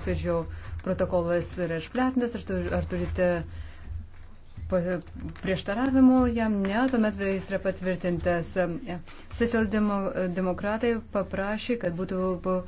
posėdžio protokolas yra išplatintas, ar, tu, ar turite prieštaravimų jam ne, tuomet jis yra patvirtintas. Socialdemokratai paprašė, kad būtų